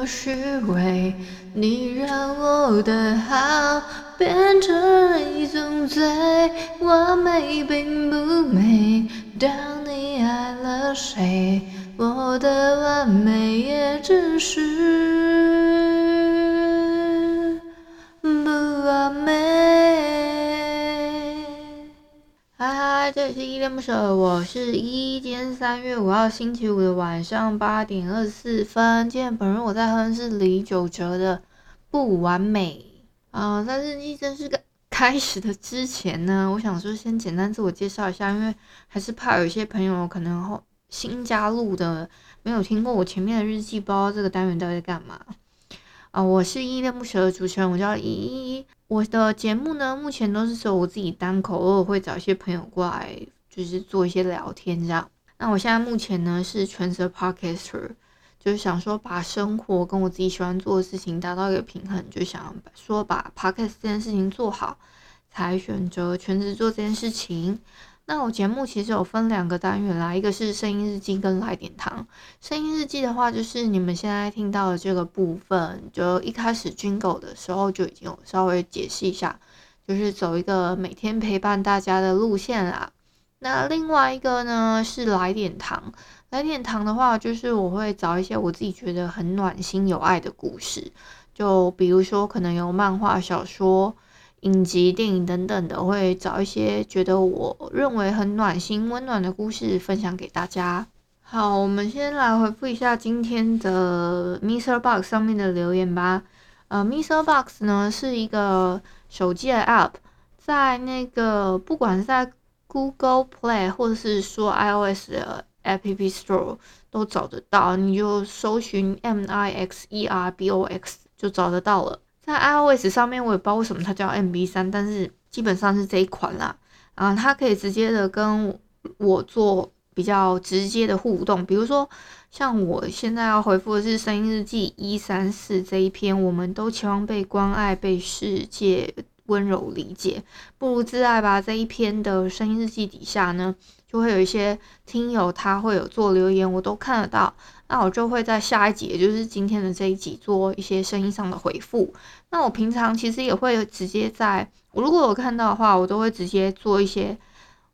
多虛偽！你讓我的好變成一種罪，完美並不美。當你愛了誰，我的完美也只是。我是一天三月五號星期五的晚上八點二十四分，今天本人我在哼是李九哲的《不完美》啊，在、呃、日記真是個開始的之前呢，我想說先簡單自我介紹一下，因為還是怕有些朋友可能後新加入的沒有聽過我前面的日記包這個單元到底在幹嘛啊、呃。我是一戀不捨的主持人，我叫一一。我的節目呢，目前都是說我自己單口，偶爾會找一些朋友過來。就是做一些聊天這樣。那我現在目前呢是全職 Podcaster，就是想說把生活跟我自己喜歡做的事情達到一個平衡，就想說把 Podcast 這件事情做好，才選擇全職做這件事情。那我節目其實有分兩個單元啦，一個是聲音日記跟來點糖。聲音日記的話，就是你們現在聽到的這個部分，就一開始 Jingle 的時候就已經有稍微解釋一下，就是走一個每天陪伴大家的路線啦。那另外一個呢是來點糖，來點糖的話，就是我會找一些我自己覺得很暖心有愛的故事，就比如說可能有漫畫、小說、影集、電影等等的，我會找一些覺得我認為很暖心溫暖的故事分享給大家。好，我們先來回復一下今天的 MixerBox 上面的留言吧。呃，MixerBox 呢是一個手機的 App，在那個不管在 Google Play 或者是說 iOS 的 App Store 都找得到，你就搜尋 M I X E R B O X 就找得到了。在 iOS 上面，我也不知道為什麼它叫 MB 三，但是基本上是這一款啦。啊，它可以直接的跟我做比較直接的互動，比如說像我現在要回復的是《聲音日記》一三四這一篇，我們都期望被關愛，被世界溫柔理解，不如自愛吧。這一篇的聲音日記底下呢，就會有一些聽友，他會有做留言，我都看得到。那我就會在下一集，也就是今天的這一集，做一些聲音上的回覆。那我平常其實也會直接在，我如果有看到的話，我都會直接做一些，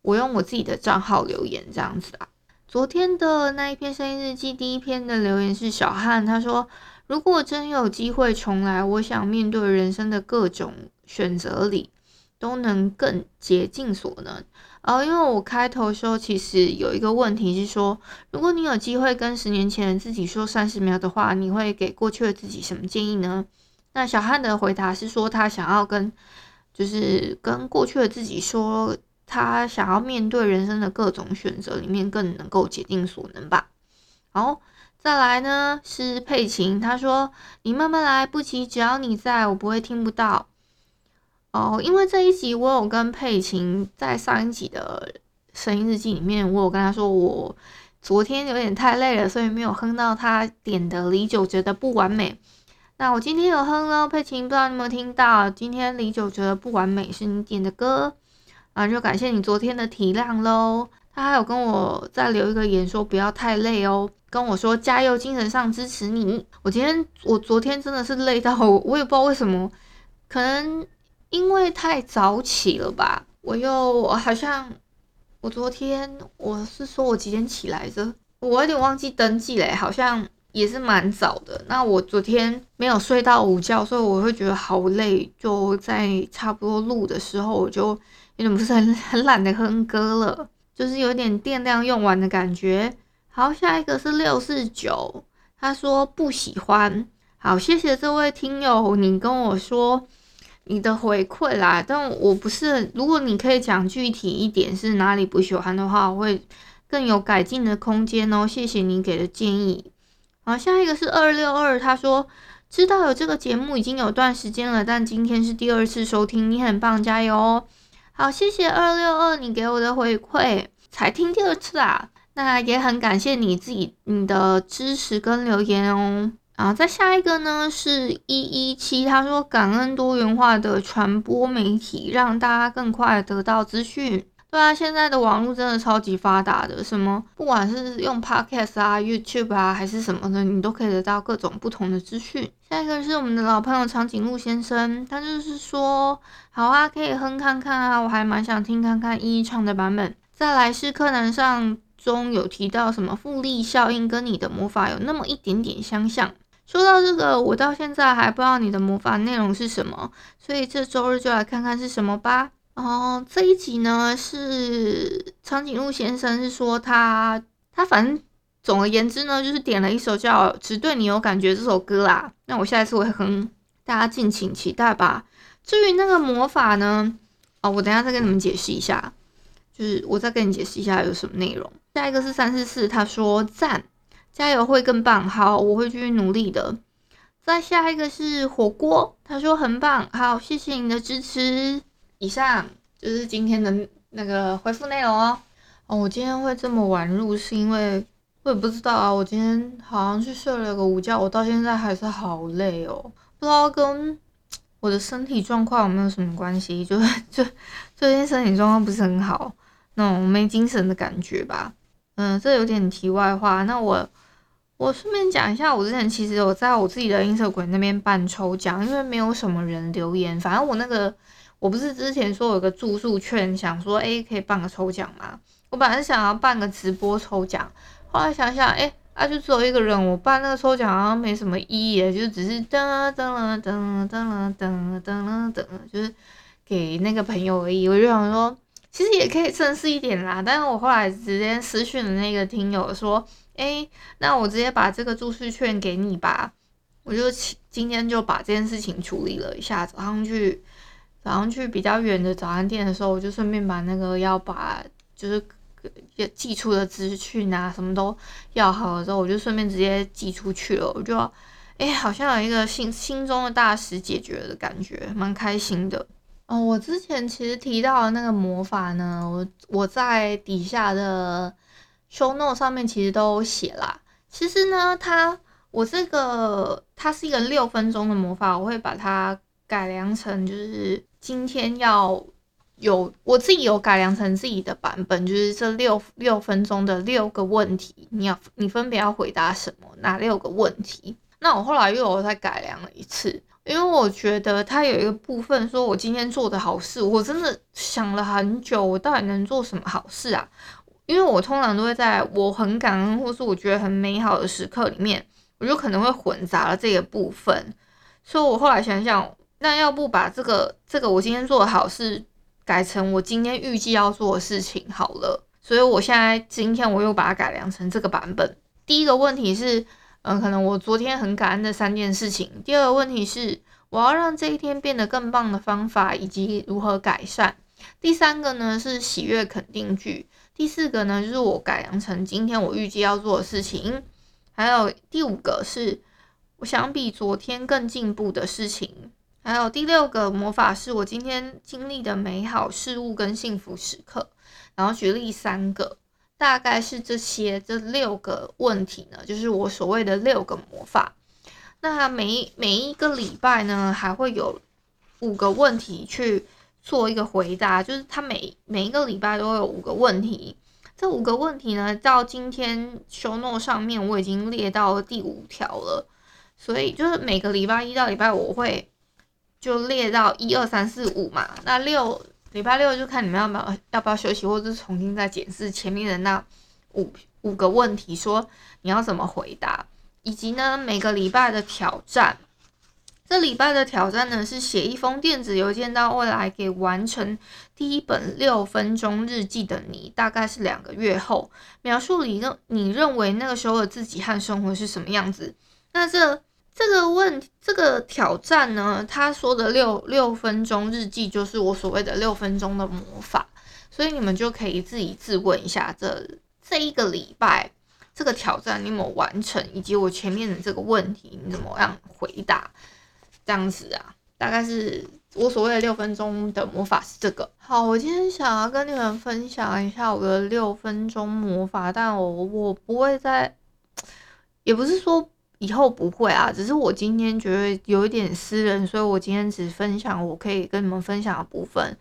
我用我自己的賬號留言這樣子啊。昨天的那一篇聲音日記，第一篇的留言是小漢，他說：“如果真有機會重來，我想面對人生的各種。”選擇裡都能更竭盡所能。哦，因為我開頭說其實有一個問題是說，如果你有機會跟十年前自己說三十秒的話，你會給過去的自己什麼建議呢？那小漢的回答是說，他想要跟就是跟過去的自己說，他想要面對人生的各種選擇裡面更能夠竭盡所能吧。好，再來呢是佩琴，他說：“你慢慢來，不急，只要你在，我不會聽不到。”哦，因為這一集我有跟佩琴在上一集的聲音日記裡面，我有跟他說我昨天有點太累了，所以沒有哼到他點的李玖哲的《不完美》。那我今天有哼了，佩琴不知道你有沒有聽到？今天李玖哲的《不完美》是你點的歌啊，就感謝你昨天的體諒嘍。他還有跟我再留一個言說不要太累哦，跟我說加油，精神上支持你。我今天我昨天真的是累到我也不知道為什麼，可能。因為太早起了吧，我又好像我昨天我是說我幾點起來着，我有點忘記登記嘞、欸，好像也是蠻早的。那我昨天沒有睡到午覺，所以我會覺得好累。就在差不多錄的時候，我就有點不是很很懶得哼歌了，就是有點電量用完的感覺。好，下一個是六四九，他說不喜歡。好，謝謝這位聽友，你跟我說。你的回饋啦，但我不是。如果你可以講具體一點，是哪裡不喜歡的話，我會更有改進的空間哦。謝謝你給的建議。好，下一個是二六二，他說，知道有這個節目已經有段時間了，但今天是第二次收聽，你很棒，加油哦。好，謝謝二六二你給我的回饋，才聽第二次啊，那也很感謝你自己你的支持跟留言哦。啊，再下一個呢，是一一七，他說感恩多元化的傳播媒體，讓大家更快得到資訊。對啊，現在的網絡真的超級發達的，什麼不管是用 Podcast 啊、YouTube 啊還是什麼的，你都可以得到各種不同的資訊。下一個是我們的老朋友長頸鹿先生，他就是說好啊，可以哼看看啊，我還蠻想聽看看依依唱的版本。再來是課南上中有提到什麼複利效應，跟你的魔法有那麼一點點相像、像。說到這個，我到現在還不知道你的魔法內容是什麼，所以這周日就來看看是什麼吧。哦，這一集呢是長頸鹿先生是說他他反正總而言之呢，就是點了一首叫《只對你有感覺》這首歌啦。那我下一次我會哼，大家敬請期待吧。至於那個魔法呢，哦，我等下再跟你們解釋一下，就是我再跟你解釋一下有什麼內容。下一個是三四四，他說讚。加油會更棒，好，我會繼續努力的。再下一個是火鍋，他說很棒，好，謝謝你的支持。以上就是今天的那個回復內容哦。哦，我今天會這麼晚錄，是因為我也不知道啊。我今天好像去睡了個午覺，我到現在還是好累哦，不知道跟我的身體狀況有沒有什麼關係？就是最最近身體狀況不是很好，那種沒精神的感覺吧。嗯，這有點題外話，那我。我順便講一下，我之前其實有在我自己的音色鬼那邊辦抽獎，因為沒有什麼人留言。反正我那個，我不是之前說有個住宿券，想說誒、欸、可以辦個抽獎嘛。我本來想要辦個直播抽獎，後來想想誒、欸，啊就只有一個人，我辦那個抽獎好像沒什麼意義，就只是噔噔噔噔噔噔噔噔，就是給那個朋友而已。我就想說，其實也可以正式一點啦。但是我後來直接私訊的那個聽友說。誒、欸，那我直接把這個注釋券給你吧。我就今天就把這件事情處理了一下。早上去早上去比較遠的早餐店的時候，我就順便把那個要把就是寄出的資訊啊，什麼都要好了之後，我就順便直接寄出去了。我就哎、欸，好像有一個心心中的大事解決了的感覺，蠻開心的。哦，我之前其實提到的那個魔法呢，我我在底下的，ShowNote 上面其實都有寫啦。其實呢，它、我這個它是一個六分鐘的魔法，我會把它改良成就是今天要有我自己有改良成自己的版本，就是這六六分鐘的六個問題，你要你分別要回答什麼？哪六個問題？那我後來又有再改良了一次，因為我覺得它有一個部分說我今天做的好事，我真的想了很久，我到底能做什麼好事啊？因為我通常都會在我很感恩或是我覺得很美好的時刻裡面，我就可能會混雜了這個部分，所以我後來想想，那要不把這個這個我今天做的好事改成我今天預計要做的事情好了，所以我現在今天我又把它改良成這個版本。第一個問題是，嗯，可能我昨天很感恩的三件事情；第二個問題是，我要讓這一天變得更棒的方法以及如何改善；第三個呢是喜悅肯定句。第四個呢，就是我改良成今天我預計要做的事情；還有第五個是我想比昨天更進步的事情；還有第六個魔法是我今天經歷的美好事物跟幸福時刻。然後舉例三個，大概是這些。這六個問題呢，就是我所謂的六個魔法。那每每一個禮拜呢，還會有五個問題去做一個回答，就是他每每一個禮拜都有五個問題，這五個問題呢，到今天 show note 上面我已經列到第五條了，所以就是每個禮拜一到禮拜五我會就列到一二三四五嘛，那六禮拜六就看你們要不要要不要休息，或者重新再檢視前面的那五五個問題，說你要怎麼回答，以及呢每個禮拜的挑戰。這禮拜的挑戰呢，是寫一封電子郵件到未來，給完成第一本六分鐘日記的你，大概是兩個月後。描述你認你認為那個時候的自己和生活是什麼樣子。那這這個問這個挑戰呢，他說的六六分鐘日記，就是我所謂的六分鐘的魔法。所以你們就可以自己自問一下這，這這一個禮拜這個挑戰你有沒有完成，以及我前面的這個問題，你怎麼樣回答？這樣子啊，大概是我所謂的六分鐘的魔法是這個。好，我今天想要跟你們分享一下我的六分鐘魔法，但我我不會再，也不是說以後不會啊，只是我今天覺得有一點私人，所以我今天只分享我可以跟你們分享的部分。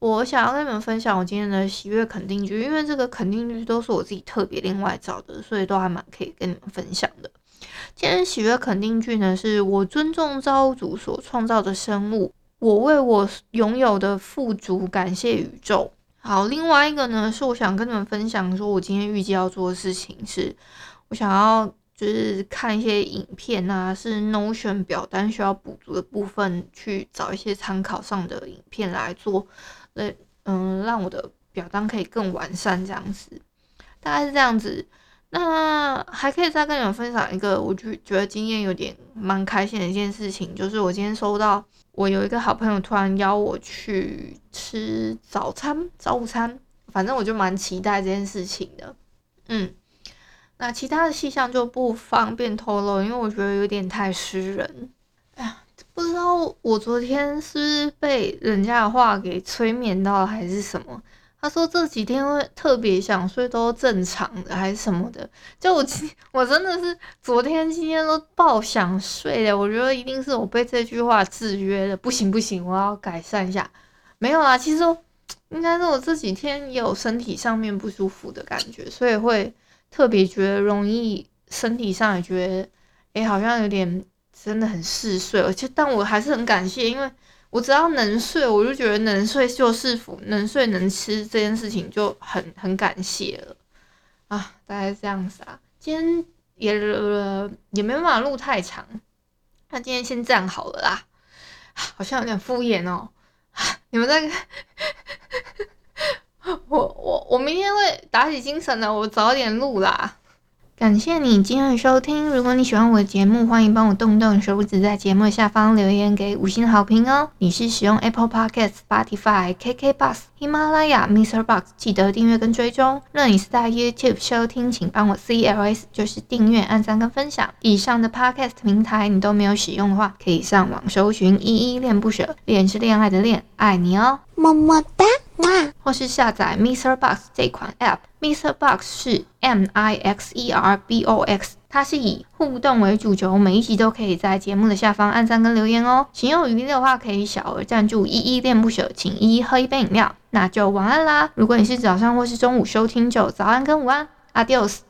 我想要跟你們分享我今天的喜悅肯定句，因為這個肯定句都是我自己特別另外找的，所以都還蠻可以跟你們分享的。先喜悅肯定句呢，是我尊重造物主所創造的生物，我為我擁有的富足感謝宇宙。好，另外一個呢，是我想跟你們分享，說我今天預計要做的事情是，我想要就是看一些影片啊，是 Notion 表單需要補足的部分，去找一些參考上的影片來做，那嗯，讓我的表單可以更完善這樣子，大概是這樣子。那還可以再跟你們分享一個，我就覺得今天有點蠻開心的一件事情，就是我今天收到，我有一個好朋友突然邀我去吃早餐、早午餐，反正我就蠻期待這件事情的。嗯，那其他的細項就不方便透露，因為我覺得有點太私人。哎呀，不知道我昨天是，是被人家的話給催眠到了，還是什麼？他說這幾天會特別想睡，都正常的還是什麼的？就我今我真的是昨天今天都爆想睡了。我覺得一定是我被這句話制約了，不行不行，我要改善一下。沒有啊，其實應該是我這幾天也有身體上面不舒服的感覺，所以會特別覺得容易身體上也覺得誒、欸、好像有點真的很嗜睡，我覺得但我還是很感謝，因為。我只要能睡，我就覺得能睡就是福，能睡能吃這件事情就很很感謝了啊，大概這樣子啊。今天也、呃、也沒辦法錄太長，那今天先這樣好了啦，好像有點敷衍哦、喔。你們在看 我，我我我明天會打起精神來、啊，我早點錄啦。感謝你今天的收聽。如果你喜歡我的節目，歡迎幫我動動手指，在節目的下方留言給五星的好評哦。你是使用 Apple Podcasts、Spotify、KKBOX。喜馬拉雅 MixerBox 記得訂閱跟追蹤，若你是在 YouTube 收聽，請幫我 C L S，就是訂閱、按讚跟分享。以上的 podcast 平台你都沒有使用的話，可以上網搜尋，依依戀不捨，戀是戀愛的戀，愛你哦，麼麼噠，哇！或是下載 MixerBox 這款 App，MixerBox 是 M I X E R B O X。它是以互動為主軸，每一集都可以在節目的下方按讚跟留言哦。行有餘力的話，可以小額贊助，依依戀不捨，請依依喝一杯飲料。那就晚安啦！如果你是早上或是中午收聽就，就早安跟午安，Adios。